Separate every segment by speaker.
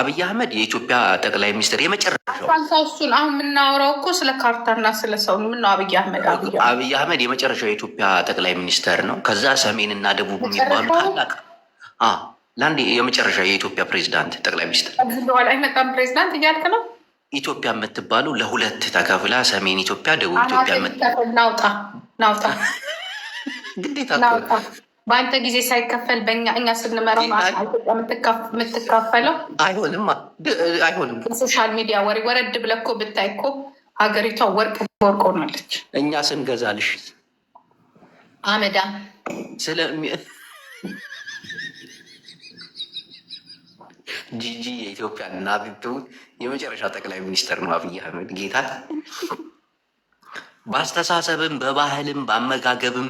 Speaker 1: አብይ አህመድ የኢትዮጵያ ጠቅላይ ሚኒስትር የመጨረሻው
Speaker 2: እሱን አሁን የምናወራው እኮ ስለ ካርታና ስለ ሰው ነው። ምነው። አብይ አህመድ
Speaker 1: አብይ አህመድ የመጨረሻው የኢትዮጵያ ጠቅላይ ሚኒስትር ነው። ከዛ ሰሜንና ደቡብ የሚባሉ ታላቅ ለአንድ የመጨረሻ የኢትዮጵያ ፕሬዚዳንት ጠቅላይ ሚኒስትር
Speaker 2: በኋላ አይመጣም ፕሬዚዳንት እያልክ ነው።
Speaker 1: ኢትዮጵያ የምትባሉ ለሁለት ተከፍላ ሰሜን ኢትዮጵያ፣ ደቡብ ኢትዮጵያ
Speaker 2: ናውጣ ናውጣ ግዴታ በአንተ ጊዜ ሳይከፈል በእኛ እኛ ስንመራው የምትካፈለው
Speaker 1: አይሆንም አይሆንም።
Speaker 2: ሶሻል ሚዲያ ወሬ ወረድ ብለህ እኮ ብታይ እኮ ሀገሪቷ ወርቅ ወርቅ ሆናለች።
Speaker 1: እኛ ስንገዛልሽ አመዳ ጂጂ የኢትዮጵያ አብይ የመጨረሻ ጠቅላይ ሚኒስትር ነው አብይ አህመድ ጌታ በአስተሳሰብም በባህልም በአመጋገብም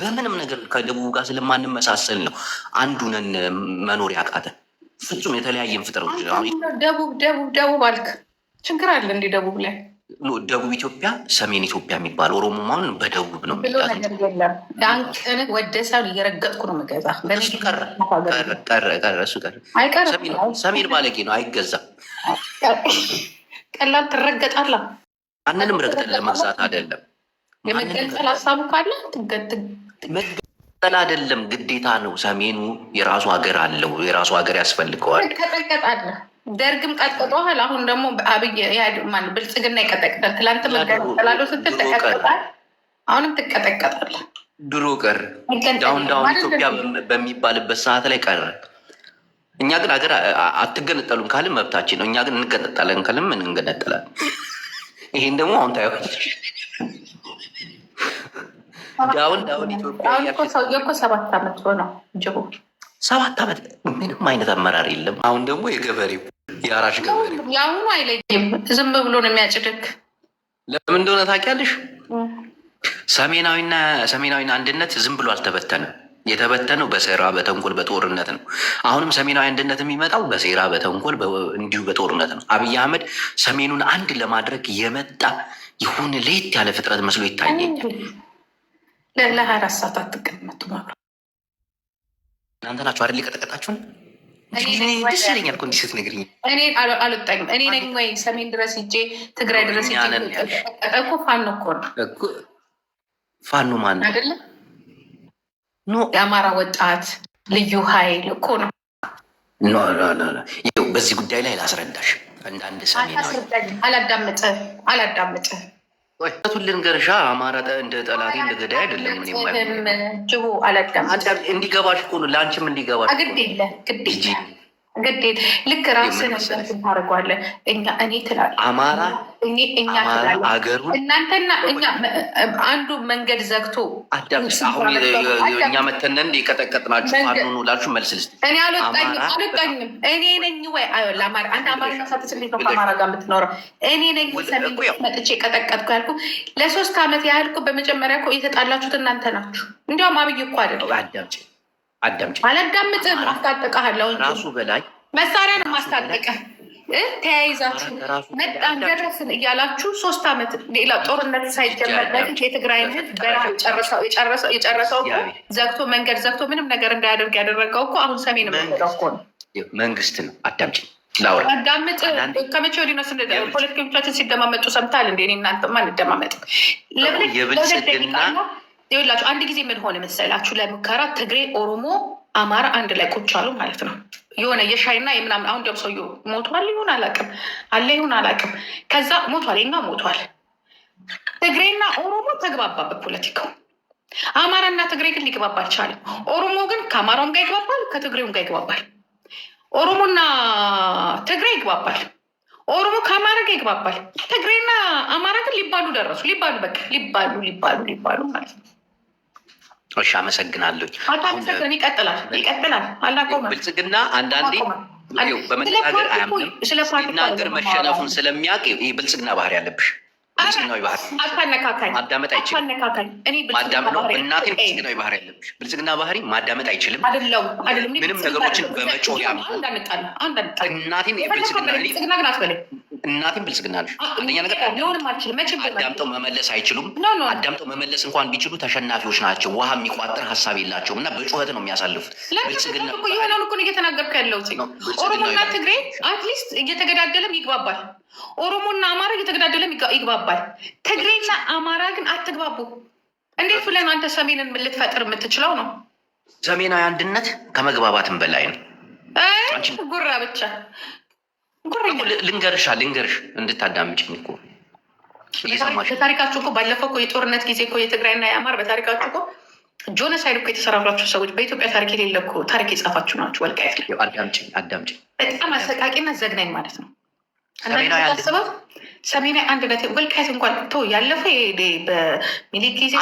Speaker 1: በምንም ነገር ከደቡብ ጋር ስለማንመሳሰል ነው አንዱንን መኖር ያቃተን። ፍጹም የተለያየን ፍጥሮች
Speaker 2: ደቡብ ደቡብ ደቡብ አልክ። ችግር አለ እንዲህ ደቡብ ላይ
Speaker 1: ደቡብ ኢትዮጵያ፣ ሰሜን ኢትዮጵያ የሚባል ኦሮሞ ኦሮሞማን በደቡብ
Speaker 2: ነው። ወደ ሰው እየረገጥኩ ነው የምገዛ።
Speaker 1: ሰሜን ባለጌ ነው አይገዛም።
Speaker 2: ቀላል ትረገጣላ
Speaker 1: ማንንም ረግጠን ለመግዛት አይደለም።
Speaker 2: የመገንጠል ሀሳቡ ካለ
Speaker 1: መገንጠል አይደለም፣ ግዴታ ነው። ሰሜኑ የራሱ ሀገር አለው፣ የራሱ ሀገር ያስፈልገዋል።
Speaker 2: ተቀጠቀጣለ ደርግም ቀጥቅጦሃል። አሁን ደግሞ አብይ ብልጽግና ይቀጠቅጣል። ትላንት መገንጠላለው ስትል ተቀጥቅጣል፣ አሁንም ትቀጠቀጣለ።
Speaker 1: ድሮ ቀር ዳውን ዳውን ኢትዮጵያ በሚባልበት ሰዓት ላይ ቀረ። እኛ ግን ሀገር አትገነጠሉም ካልን መብታችን ነው። እኛ ግን እንገነጠለን ካልን ምን እንገነጠላል ይሄን ደግሞ አሁን ታየዋለች። ዳውን ዳውን
Speaker 2: ኢትዮጵያ ሰባት ዓመት ሆነው ጅቡ
Speaker 1: ሰባት ዓመት ምንም አይነት አመራር የለም። አሁን ደግሞ የገበሬው የአራሽ ገበሬው
Speaker 2: የአሁኑ አይለይም። ዝም ብሎ ነው የሚያጭድግ።
Speaker 1: ለምን እንደሆነ ታውቂያለሽ? ሰሜናዊና ሰሜናዊና አንድነት ዝም ብሎ አልተበተንም። የተበተነው በሴራ በተንኮል በጦርነት ነው። አሁንም ሰሜናዊ አንድነት የሚመጣው በሴራ በተንኮል እንዲሁ በጦርነት ነው። አብይ አህመድ ሰሜኑን አንድ ለማድረግ የመጣ ይሁን ለየት ያለ ፍጥረት መስሎ ይታየኛል።
Speaker 2: ለሀያ አራት ሰዓት አትቀመጡ
Speaker 1: እናንተ ናችሁ አይደል የቀጠቀጣችሁን? ደስ ይለኛል እኮ እንዲህ ስትነግሪኝ
Speaker 2: እኔ አልወጣኝም። እኔ ነኝ ወይ ሰሜን ድረስ ሂጄ ትግራይ ድረስ ሂጄ እኮ ፋኖ እኮ ነው ፋኖ ማን ነው አይደለም ኑ የአማራ ወጣት ልዩ ኃይል እኮ ነው።
Speaker 1: በዚህ ጉዳይ ላይ ላስረዳሽ አንዳንድ ሰሜናዊ
Speaker 2: አላዳምጥ አላዳምጥ
Speaker 1: ወጣቱን ልንገርሻ አማራ እንደ ጠላቴ እንደ ገዳይ
Speaker 2: አይደለም። ጅቡ አላዳምጥ
Speaker 1: እንዲገባሽ እኮ ነው ለአንቺም እንዲገባሽ
Speaker 2: ግድ የለ ግድ ግዴት ልክ ራስን ታደርጓለን። እኛ እኔ ትላለህ አማራ እኛ እናንተና እኛ አንዱ መንገድ ዘግቶ
Speaker 1: አዳምስ እኛ መተነ እንደ የቀጠቀጥናችሁ ላችሁ መልስ
Speaker 2: እኔ አልወጣኝም አልወጣኝም። እኔ ነኝ ወይ ለአማራ አንድ አማራ ነው ከአማራ ጋር የምትኖረው። እኔ ነኝ ሰሜን መጥቼ የቀጠቀጥኩ ያልኩ ለሶስት አመት ያህል በመጀመሪያ የተጣላችሁት እናንተ ናችሁ። እንዲያውም አብይ እኮ
Speaker 1: አይደለም አዳምጭ።
Speaker 2: አላዳምጥም፣ አስታጠቃለሁ። ራሱ በላይ መሳሪያ ነው ማስታጠቀ ተያይዛችሁ መጣን ደረስን እያላችሁ ሶስት ዓመት ሌላ ጦርነት ሳይጀመር በፊት የትግራይን ሕዝብ በረሃ የጨረሰው ዘግቶ መንገድ ዘግቶ ምንም ነገር እንዳያደርግ ያደረገው እኮ አሁን ሰሜን
Speaker 1: መንግስት ነው። አዳምጭ
Speaker 2: አዳምጥ። ከመቼ ወዲህ ነው ፖለቲከኞቻችን ሲደማመጡ ሰምታል እንዴ? እናንተማ እንደማመጥ
Speaker 1: ለብለ ለሁለት ደቂቃ ነው
Speaker 2: ይኸውላችሁ አንድ ጊዜ ምን ሆነ መሰላችሁ? ለሙከራ ትግሬ፣ ኦሮሞ፣ አማራ አንድ ላይ ቁጭ አሉ ማለት ነው። የሆነ የሻይና የምናምን አሁን ደም ሰውዬው ሞቷል ይሁን አላውቅም፣ አለ ይሁን አላውቅም። ከዛ ሞቷል ኛ ሞቷል። ትግሬና ኦሮሞ ተግባባ በፖለቲካው። አማራና ትግሬ ግን ሊግባባ አልቻለም። ኦሮሞ ግን ከአማራውም ጋር ይግባባል፣ ከትግሬውም ጋር ይግባባል። ኦሮሞና ትግሬ ይግባባል። ኦሮሞ ከአማራ ጋር ይግባባል። ትግሬና አማራ ግን ሊባሉ ደረሱ። ሊባሉ በቃ ሊባሉ ሊባሉ ሊባሉ ማለት ነው።
Speaker 1: እሺ፣ አመሰግናለሁ።
Speaker 2: ይቀጥላል ይቀጥላል። አላቆመም።
Speaker 1: ብልጽግና አንዳንዴ በመናገር አያምንም። ሲናገር መሸነፉን ስለሚያውቅ ይህ ብልጽግና ባህሪ አለብሽ። ብልጽግናዊ ባህሪ ማዳመጥ
Speaker 2: አይችልም። እናቴን
Speaker 1: ብልጽግናዊ ባህሪ አለብሽ። ብልጽግና ባህሪ ማዳመጥ አይችልም። ምንም ነገሮችን በመጮህ
Speaker 2: ያምናል።
Speaker 1: እናቴን ብልጽግና እናቴም ብልጽግና ነሽ። አንደኛ ነገር አዳምጠው መመለስ አይችሉም። አዳምጠው መመለስ እንኳን ቢችሉ ተሸናፊዎች ናቸው። ውሃ የሚቋጥር ሀሳብ የላቸውም እና በጩኸት ነው የሚያሳልፉት።
Speaker 2: ብልጽግና የሆነውን እኮ እየተናገርኩ ያለሁት ኦሮሞና ትግሬ አትሊስት እየተገዳደለም ይግባባል። ኦሮሞና አማራ እየተገዳደለም ይግባባል። ትግሬና አማራ ግን አትግባቡ። እንዴት ብለን አንተ ሰሜንን ልትፈጥር የምትችለው ነው?
Speaker 1: ሰሜናዊ አንድነት ከመግባባትም በላይ ነው። ጉራ ብቻ ልንገርሻ ልንገርሽ እንድታዳምጭኝ እኮ
Speaker 2: በታሪካችሁ እኮ ባለፈው እኮ የጦርነት ጊዜ እኮ የትግራይና የአማር በታሪካችሁ እኮ ጆነሳይድ እኮ የተሰራባቸው ሰዎች በኢትዮጵያ ታሪክ የሌለ እኮ ታሪክ የጻፋችሁ ናቸው። ወልቃየት
Speaker 1: አዳምጭኝ አዳምጭኝ።
Speaker 2: በጣም አሰቃቂና ዘግናኝ ማለት ነው። ሰሜናዊ አንድ ነት ወልቃይት እንኳን ቶ ያለፈ በሚሊክ ጊዜ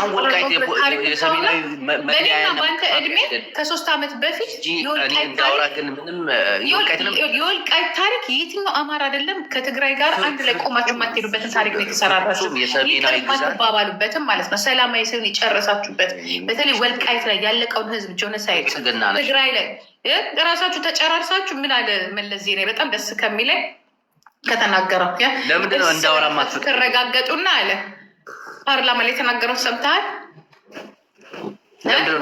Speaker 2: በአንተ እድሜ ከሶስት ዓመት በፊት የወልቃይት ታሪክ የትኛው አማራ አይደለም ከትግራይ ጋር አንድ ላይ ቆማችሁ የማትሄዱበትን ታሪክ ነው የተሰራራችሁ። ባባሉበትም ማለት ነው ሰላማዊ ሲሆን የጨረሳችሁበት በተለይ ወልቃይት ላይ ያለቀውን ህዝብ ጆነሳይድ ትግራይ ላይ ራሳችሁ ተጨራርሳችሁ ምን አለ መለስ ዜናዊ በጣም ደስ ከሚለኝ ከተናገረው
Speaker 1: ለምንድነው እንዳወራ
Speaker 2: ትረጋገጡና አለ ፓርላማ ላይ የተናገረው ሰምተሃል።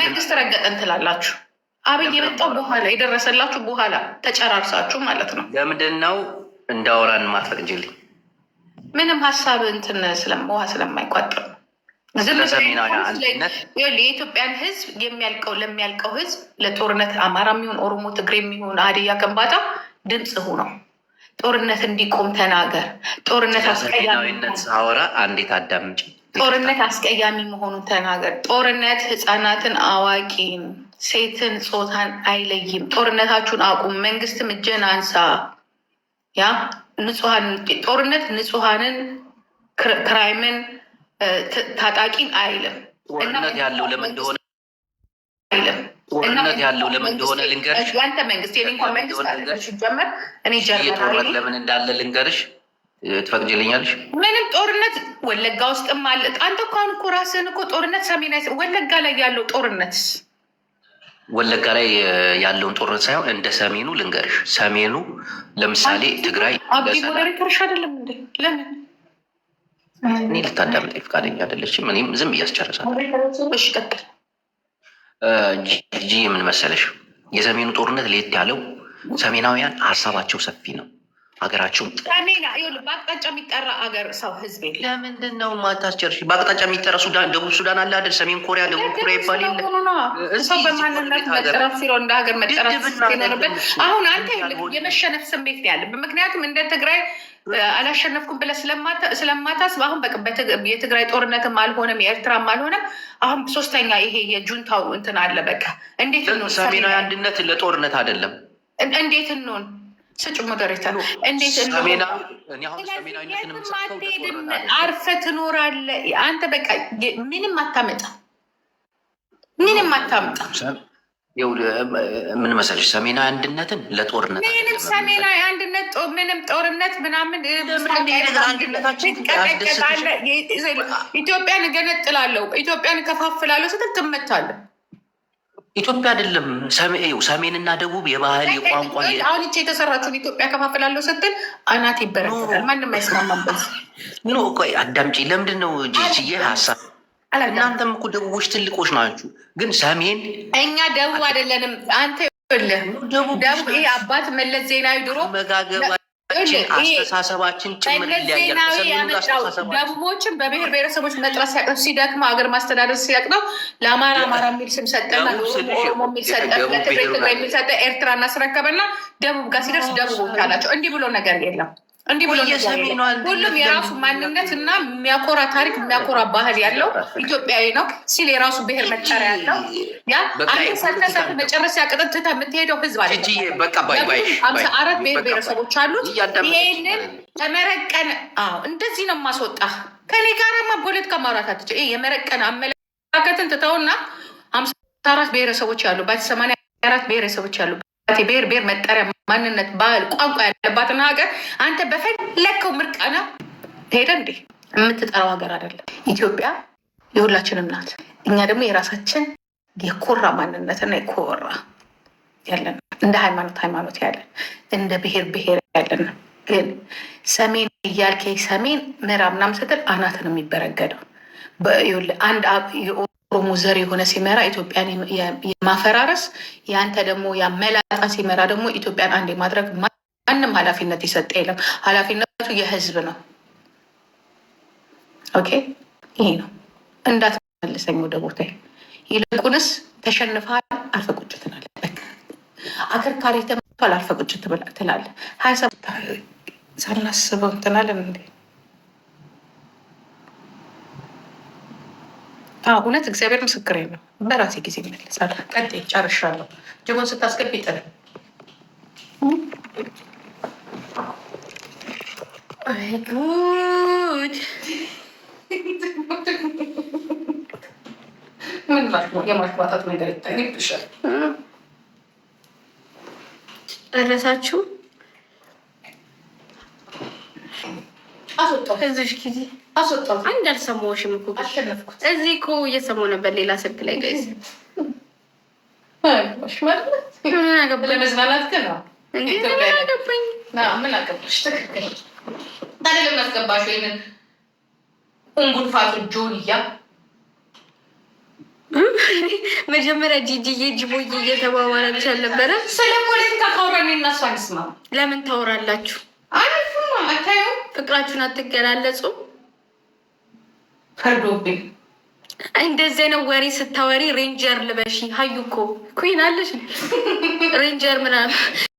Speaker 2: መንግስት ረገጠን ትላላችሁ። አብይ የመጣው በኋላ የደረሰላችሁ በኋላ ተጨራርሳችሁ ማለት ነው።
Speaker 1: ለምንድን ነው እንዳወራን ማትፈቅጂልኝ?
Speaker 2: ምንም ሀሳብ እንትን ስለውሃ ስለማይቋጥር የኢትዮጵያን ህዝብ የሚያልቀው ለሚያልቀው ህዝብ ለጦርነት አማራ የሚሆን ኦሮሞ፣ ትግሬ የሚሆን አድያ፣ ከምባታ ድምፅ ነው ጦርነት እንዲቆም ተናገር። ጦርነት
Speaker 1: አስቀያሚነት ሳወራ አንዴት አዳምጪ።
Speaker 2: ጦርነት አስቀያሚ መሆኑን ተናገር። ጦርነት ህፃናትን፣ አዋቂን፣ ሴትን፣ ጾታን አይለይም። ጦርነታችሁን አቁም። መንግስትም እጀን አንሳ። ያ ንጹሀን ጦርነት ንጹሀንን ክራይምን ታጣቂን አይልም።
Speaker 1: ጦርነት ያለው ለምን እንደሆነ አይልም። ጦርነት ያለው ለምን እንደሆነ ልንገርሽ።
Speaker 2: ያንተ መንግስት የሊንኮን መንግስት ጀመር እኔ
Speaker 1: ጀርመን ለምን እንዳለ ልንገርሽ ትፈቅጂልኛለሽ?
Speaker 2: ምንም ጦርነት ወለጋ ውስጥም አለ። አንተ እኮ አሁን እኮ ራስህን እኮ ጦርነት ሰሜን ወለጋ ላይ ያለው ጦርነት
Speaker 1: ወለጋ ላይ ያለውን ጦርነት ሳይሆን እንደ ሰሜኑ ልንገርሽ። ሰሜኑ ለምሳሌ ትግራይ
Speaker 2: ሪቶርሽ አይደለም እንደ ለምን
Speaker 1: እኔ ልታዳምጠኝ ፈቃደኛ አይደለችም? እኔም ዝም እያስጨረሳል። እሺ ቀጥል ጂጂ ምን መሰለሽ፣ የሰሜኑ ጦርነት ለየት ያለው ሰሜናውያን ሀሳባቸው ሰፊ ነው። ሀገራችሁ
Speaker 2: በአቅጣጫ የሚጠራ አገር ሰው ህዝብ
Speaker 1: ለምንድን ነው ማታስቸርሽ? በአቅጣጫ የሚጠራ ሱዳን፣ ደቡብ ሱዳን አለ አይደል? ሰሜን ኮሪያ፣
Speaker 2: ደቡብ ኮሪያ ይባል የለ ሰው በማንነት መጠራት ሲለው እንደ ሀገር መጠራት ሲኖርበት አሁን አንተ የመሸነፍ ስሜት ያለ ምክንያቱም እንደ ትግራይ አላሸነፍኩም ብለህ ስለማታስብ አሁን የትግራይ ጦርነትም አልሆነም የኤርትራም አልሆነም። አሁን ሶስተኛ ይሄ የጁንታው እንትን አለ። በቃ እንዴት ነው
Speaker 1: ሰሜናዊ አንድነት ለጦርነት አይደለም።
Speaker 2: እንዴት እንሆን ስጩ መደረታ እንዴት አርፈ ትኖራለ። አንተ? በቃ ምንም አታመጣ፣ ምንም አታመጣ።
Speaker 1: ምን መሰለሽ ሰሜናዊ አንድነትን ለጦርነት
Speaker 2: ምንም ሰሜናዊ አንድነት ምንም ጦርነት ምናምን ኢትዮጵያን እገነጥላለሁ፣ ኢትዮጵያን እከፋፍላለሁ ስትል ትመታለህ።
Speaker 1: ኢትዮጵያ አይደለም ሰሜንና ደቡብ የባህል የቋንቋ
Speaker 2: አሁን ይቺ የተሰራችሁን ኢትዮጵያ ከፋፍላለሁ ስትል አናት ይበረታል። ማንም አይስማማበት።
Speaker 1: ኖ ቆይ አዳምጪ። ለምንድን ነው ጅጅዬ ሀሳብ እናንተም እኮ ደቡቦች ትልቆች ናችሁ፣ ግን ሰሜን
Speaker 2: እኛ ደቡብ አይደለንም። አንተ ደቡብ ደቡብ ይሄ አባት መለስ ዜናዊ ድሮ መጋገባ
Speaker 1: አስተሳሰባችን
Speaker 2: ጭምር ደቡቦችን በብሔር ብሔረሰቦች መጥራት ሲያቅተው ሲደክመው ሀገር ማስተዳደር ሲያቅተው ለአማራ አማራ የሚል ስም ሰጠና ኦሮሞ የሚል ሰጠ ለትግሬ ትግሬ የሚል ሰጠ ኤርትራ እናስረከበና ደቡብ ጋር ሲደርስ ደቡቦች አላቸው። እንዲህ ብሎ ነገር የለም። እንዲህ ብሎ ሁሉም የራሱ ማንነት እና የሚያኮራ ታሪክ የሚያኮራ ባህል ያለው ኢትዮጵያዊ ነው ሲል የራሱ ብሔር መጠሪያ ያለው ያ አንድ ሰልተሰብ መጨረሻ ቅጥም ትታ የምትሄደው ህዝብ አለ። አምሳ አራት ብሔር ብሔረሰቦች አሉት። ይሄንን ተመረቀን እንደዚህ ነው የማስወጣ ከኔ ጋርማ ፖለቲካ ማውራት አትችል። የመረቀን አመለካከትን ትተውና አምሳ አራት ብሔረሰቦች ባት ሰማንያ አራት ብሔረሰቦች ያሉ ብሔር ብሔር መጠሪያ ማንነት ባህል ቋንቋ ያለባትን ሀገር አንተ በፈለግከው ምርቃና ሄደ እንዴ የምትጠራው ሀገር አይደለም። ኢትዮጵያ የሁላችንም ናት። እኛ ደግሞ የራሳችን የኮራ ማንነትና የኮራ ያለን እንደ ሃይማኖት ሃይማኖት ያለን እንደ ብሔር ብሔር ያለን ግን ሰሜን እያልከ ሰሜን ምዕራብ ምናምን ስትል አናትን የሚበረገደው አንድ የኦ ኦሮሞ ዘር የሆነ ሲመራ ኢትዮጵያን የማፈራረስ ያንተ ደግሞ ያመላጣ ሲመራ ደግሞ ኢትዮጵያን አንድ የማድረግ ማንም ኃላፊነት ይሰጠ የለም። ኃላፊነቱ የህዝብ ነው። ኦኬ ይሄ ነው። እንዳትመልሰኝ ወደ ቦታ ይልቁንስ ተሸንፈሃል፣ አርፈ ቁጭ ትላለህ። አከርካሪ ተመቷል፣ አርፈ ቁጭ ትላለህ። ሀያ ሰባት ሳናስበው እንትናለን እንዴ እውነት እግዚአብሔር ምስክሬ ነው። በራሴ ጊዜ ይመለሳል። ቀጤ ጨርሻለሁ። ጅቦን ስታስገቢ ጥር ምን የማሽማጣት ነገር ይታይ ብሻል ረሳችሁ አንድ አልሰማሁሽም እኮ እዚህ እኮ እየሰማሁ ነበር፣ ሌላ ስልክ ላይ ጋይስ መጀመሪያ ጂጂዬ ጅቦዬ እየተባባላችሁ አልነበረ? ስለ ፖለቲካ ታወራለህ እና እሷ ለምን ታወራላችሁ? ፍቅራችሁን አትገላለጹ! ፈርዶብኝ እንደዚህ ነው ወሬ ስታወሪ ሬንጀር ልበሽ ሀዩ እኮ ኩን አለሽ ሬንጀር ምናምን